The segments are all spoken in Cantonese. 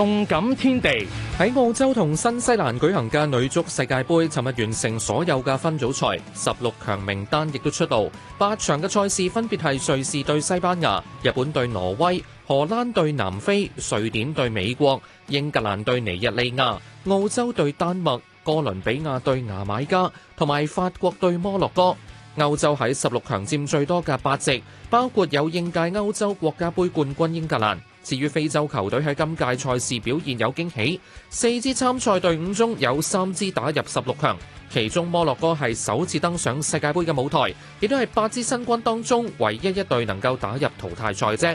動感天地，喺澳洲同新西蘭舉行嘅女足世界盃，尋日完成所有嘅分組賽，十六強名單亦都出爐。八場嘅賽事分別係瑞士對西班牙、日本對挪威、荷蘭對南非、瑞典對美國、英格蘭對尼日利亞、澳洲對丹麥、哥倫比亞對牙買加同埋法國對摩洛哥。歐洲喺十六強占最多嘅八席，包括有應屆歐洲國家盃冠軍英格蘭。至於非洲球隊喺今屆賽事表現有驚喜，四支參賽隊伍中有三支打入十六強，其中摩洛哥係首次登上世界杯嘅舞台，亦都係八支新軍當中唯一一隊能夠打入淘汰賽啫。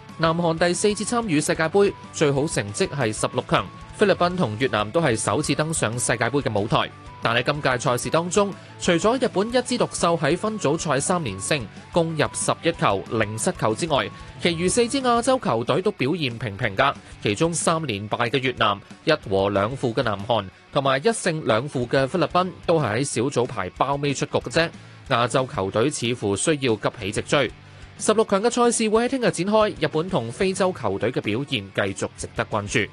南韓第四次參與世界盃，最好成績係十六強。菲律賓同越南都係首次登上世界盃嘅舞台。但係今屆賽事當中，除咗日本一枝獨秀喺分組賽三連勝，攻入十一球，零失球之外，其餘四支亞洲球隊都表現平平㗎。其中三連敗嘅越南、一和兩負嘅南韓同埋一勝兩負嘅菲律賓，都係喺小組排包尾出局嘅啫。亞洲球隊似乎需要急起直追。十六強嘅賽事會喺聽日展開，日本同非洲球隊嘅表現繼續值得關注。